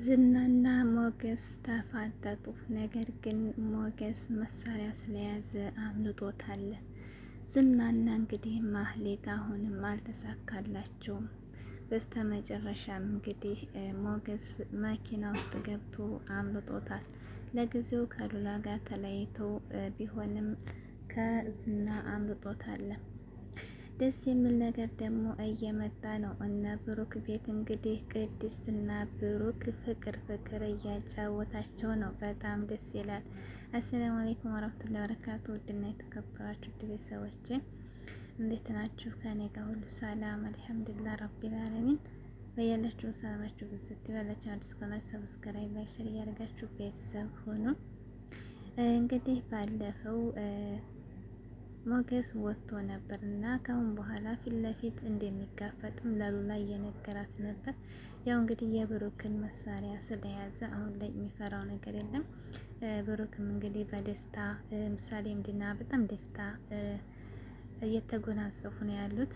ዝናና ሞገስ ተፋጠጡ። ነገር ግን ሞገስ መሳሪያ ስለያዘ አምልጦታል። ዝናና እንግዲህ ማህሌት አሁንም አልተሳካላቸውም። በስተመጨረሻም እንግዲህ ሞገስ መኪና ውስጥ ገብቶ አምልጦታል። ለጊዜው ከሉላ ጋር ተለይቶ ቢሆንም ከዝና አምልጦታል። ደስ የሚል ነገር ደግሞ እየመጣ ነው። እነ ብሩክ ቤት እንግዲህ ቅድስት እና ብሩክ ፍቅር ፍቅር እያጫወታቸው ነው። በጣም ደስ ይላል። አሰላሙ አለይኩም ወራህመቱላሂ ወበረካቱ ውድና የተከበራችሁ ቤተሰቦች እንዴት ናችሁ? ከኔ ጋር ሁሉ ሰላም አልሐምዱሊላህ ረቢል አለሚን። በያላችሁ ሰላማችሁ ብዝት ይበላችሁ። አዲስ ከሆናችሁ ሰብስክራይብ፣ ላይክ፣ ሼር እያደረጋችሁ ቤተሰብ ሆኑ። እንግዲህ ባለፈው ሞገስ ወጥቶ ነበር እና ካሁን በኋላ ፊት ለፊት እንደሚጋፈጥም ለሉላ እየነገራት ነበር። ያው እንግዲህ የብሩክን መሳሪያ ስለያዘ አሁን ላይ የሚፈራው ነገር የለም። ብሩክም እንግዲህ በደስታ ምሳሌ ምድና በጣም ደስታ እየተጎናጸፉ ነው ያሉት።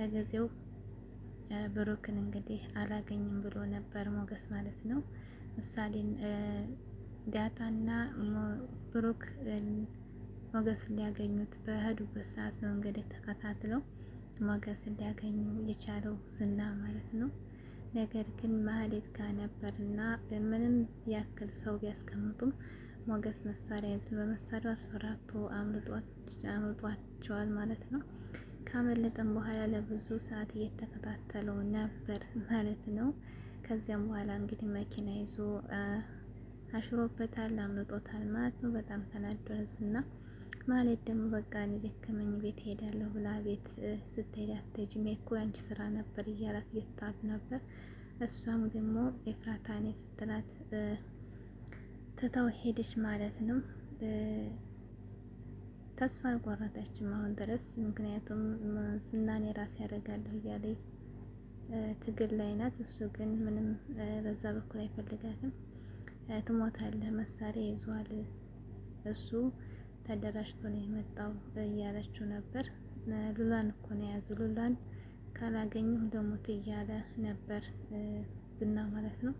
ለጊዜው ብሩክን እንግዲህ አላገኝም ብሎ ነበር ሞገስ ማለት ነው። ምሳሌ ዳታና ብሩክ ሞገስ እንዲያገኙት በሄዱበት ሰዓት ነው እንግዲህ ተከታትለው ሞገስ እንዲያገኙ የቻለው ዝና ማለት ነው። ነገር ግን ማህሌት ጋር ነበርና ምንም ያክል ሰው ቢያስቀምጡም ሞገስ መሳሪያ ይዞ በመሳሪያው አስፈራቶ አምልጧቸዋል ማለት ነው። ካመለጠም በኋላ ለብዙ ሰዓት እየተከታተለው ነበር ማለት ነው። ከዚያም በኋላ እንግዲህ መኪና ይዞ አሽሮበታል፣ አምልጦታል ማለት ነው። በጣም ተናደረስ ማለት ደግሞ በቃ እኔ ደከመኝ ቤት ሄዳለሁ ብላ ቤት ስትሄድ አትሄጂም እኮ ያንቺ ስራ ነበር እያላት እየተጣሉ ነበር። እሷም ደግሞ ኤፍራታኔ ስትላት ትታው ሄደች ማለት ነው። ተስፋ አልቆረጠችም አሁን ድረስ ምክንያቱም ዝናኔ ራሴ ያደርጋለሁ እያለ ትግል ላይ ናት። እሱ ግን ምንም በዛ በኩል አይፈልጋትም። ትሞታለህ መሳሪያ ይዟል እሱ ተደራጅቶ ነው የመጣው እያለችው ነበር። ሉላን እኮ ነው የያዘው ሉላን ካላገኘሁ ልሙት እያለ ነበር ዝና ማለት ነው።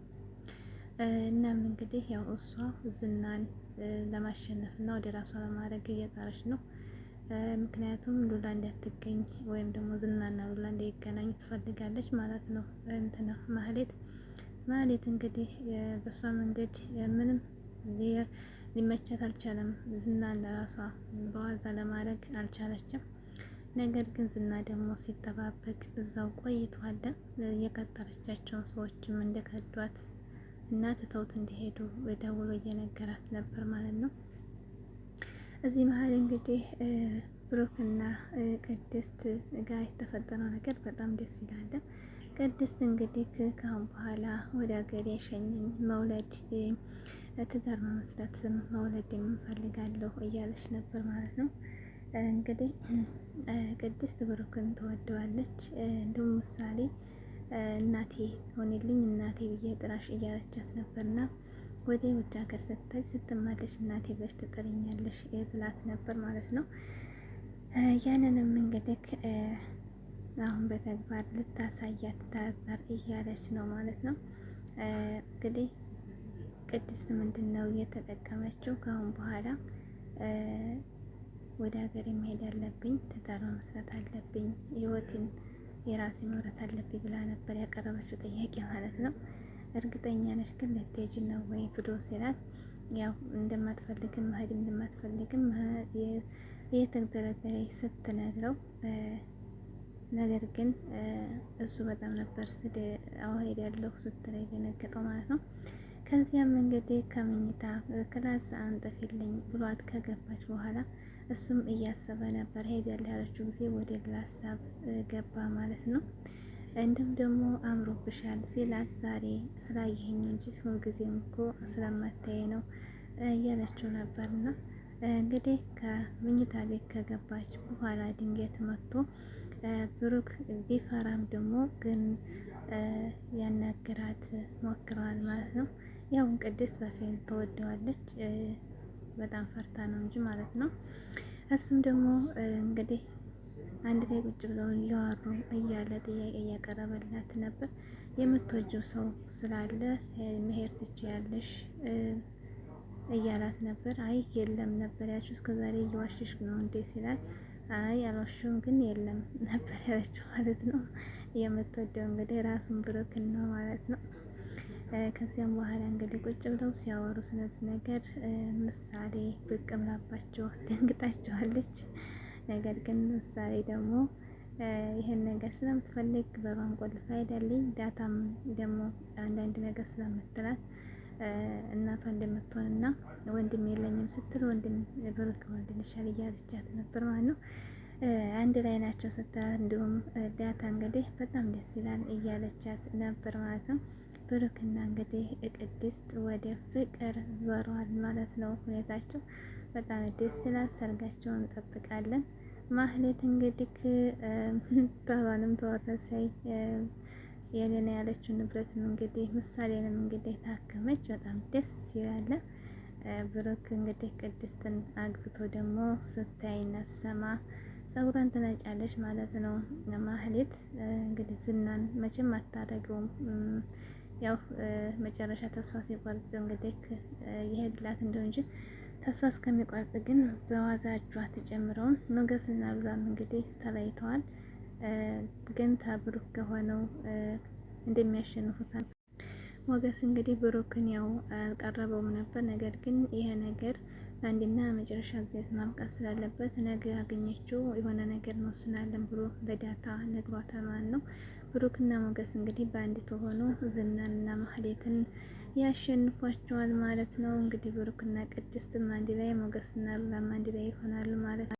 እናም እንግዲህ ያው እሷ ዝናን ለማሸነፍ እና ወደ ራሷ ለማድረግ እየጣረች ነው። ምክንያቱም ሉላ እንዳትገኝ ወይም ደግሞ ዝናና ሉላ እንዳይገናኙ ትፈልጋለች ማለት ነው። እንትና ማህሌት ማህሌት እንግዲህ በእሷ መንገድ ምንም ሊመቻት አልቻለም። ዝናን ለራሷ በዋዛ ለማድረግ አልቻለችም። ነገር ግን ዝና ደግሞ ሲጠባበቅ እዛው ቆይቷል። የቀጠረቻቸውን ሰዎችም እንደከዷት እና ትተውት እንደሄዱ ደውሎ እየነገራት ነበር ማለት ነው። እዚህ መሀል እንግዲህ ብሩክና ቅድስት ጋር የተፈጠረው ነገር በጣም ደስ ይላል። ቅድስት እንግዲህ ከአሁን በኋላ ወደ ሀገር የሸኝን መውለድ ትዳር መመስረት መውለድ የምንፈልጋለሁ እያለች ነበር ማለት ነው። እንግዲህ ቅድስት ብሩክን ትወደዋለች። እንዲሁም ምሳሌ እናቴ ሆኔልኝ እናቴ ብዬ ጥራሽ እያለቻት ነበርና ወደ ውጭ ሀገር ስትሄድ ስትመለሽ እናቴ ብለሽ ትጠሪኛለሽ ብላት ነበር ማለት ነው። ያንንም እንግዲህ አሁን በተግባር ልታሳያት ታዛር እያለች ነው ማለት ነው እንግዲህ ቅድስት ምንድን ነው እየተጠቀመችው? ከአሁን በኋላ ወደ ሀገር መሄድ አለብኝ፣ ትዳር መስራት አለብኝ፣ ህይወትን የራሴ መምራት አለብኝ ብላ ነበር ያቀረበችው ጥያቄ ማለት ነው። እርግጠኛ ነሽ ግን ልትሄጂ ነው ወይ ብሎ ሲላት ያው እንደማትፈልግም መሄድ እንደማትፈልግም እየተደረደረ ስትነግረው ነገር ግን እሱ በጣም ነበር ስለ አዎ ሄዳለሁ ስትል የደነገጠው ማለት ነው። ከዚያም እንግዲህ ከመኝታ ክላስ አንጥፊልኝ ብሏት ከገባች በኋላ እሱም እያሰበ ነበር። ሄዳለሁ ያለችው ጊዜ ወደ ሌላ ሀሳብ ገባ ማለት ነው። እንዲሁም ደግሞ አምሮብሻል ሲላት ዛሬ ስላየኸኝ እንጂ ሁልጊዜም እኮ ስለማታዬ ነው እያለችው ነበርና እንግዲህ ከምኝታ ቤት ከገባች በኋላ ድንገት መጥቶ ብሩክ ቢፈራም ደግሞ ግን ያናግራት ሞክረዋል ማለት ነው። ያውን ቅድስት በፊልም ተወደዋለች በጣም ፈርታ ነው እንጂ ማለት ነው። እሱም ደግሞ እንግዲህ አንድ ላይ ቁጭ ብለው እያወሩ እያለ ጥያቄ እያቀረበላት ነበር። የምትወጂው ሰው ስላለ መሄድ ትችያለሽ እያላት ነበር። አይ የለም ነበር ያችው እስከዛሬ እየዋሸሽ ነው እንዴ ሲላት አይ አልዋሽም ግን የለም ነበር ያለችው ማለት ነው። የምትወደው እንግዲህ ራሱን ብሩክን ነው ማለት ነው። ከዚያም በኋላ እንግዲህ ቁጭ ብለው ሲያወሩ ስለዚህ ነገር ምሳሌ ብቅ ብላባቸው አስደንግጣቸዋለች። ነገር ግን ምሳሌ ደግሞ ይህን ነገር ስለምትፈልግ በሯን ቆልፋ ሄዳለች። ዳታም ደግሞ አንዳንድ ነገር ስለምትላት እናቷ እንደምትሆን እና ወንድም የለኝም ስትል ወንድም ብሩክ ወንድም ይሻል እያለቻት ነበር ማለት ነው። አንድ ላይ ናቸው ስትላት፣ እንዲሁም ዳታ እንግዲህ በጣም ደስ ይላል እያለቻት ነበር ማለት ነው። ብሩክና እንግዲህ ቅድስት ወደ ፍቅር ዞረዋል ማለት ነው። ሁኔታቸው በጣም ደስ ይላል። ሰርጋቸውን እንጠብቃለን። ማህሌት እንግዲህ ባሏንም ተወረሰይ የሌላ ያለችው ንብረትም እንግዲህ ምሳሌንም እንግዲህ ታከመች። በጣም ደስ ይላል። ብሩክ እንግዲህ ቅድስትን አግብቶ ደግሞ ስታይና ሰማ ጸጉሯን ትነጫለች ማለት ነው። ማህሌት እንግዲህ ዝናን መቼም አታደርገውም። ያው መጨረሻ ተስፋ ሲቆርጥ እንግዲህ ይሄድላት እንደው እንጂ ተስፋ እስከሚቆርጥ ግን በዋዛ እጇ ተጨምረውም ሞገስና ሉላም እንግዲህ ተለያይተዋል። ግን ታብሩክ ከሆነው እንደሚያሸንፉታል። ሞገስ እንግዲህ ብሩክን ያው አልቀረበውም ነበር። ነገር ግን ይሄ ነገር አንድና መጨረሻ ጊዜ ማብቃት ስላለበት ነገ ያገኘችው የሆነ ነገር እንወስናለን ብሎ በዳታ ነግሯታል ማለት ነው። ብሩክና ሞገስ እንግዲህ በአንድ ተሆኑ ዝናንና ማህሌትን ያሸንፏቸዋል ማለት ነው። እንግዲህ ብሩክና ቅድስትም አንድ ላይ ሞገስና ሉላም አንድ ላይ ይሆናሉ ማለት ነው።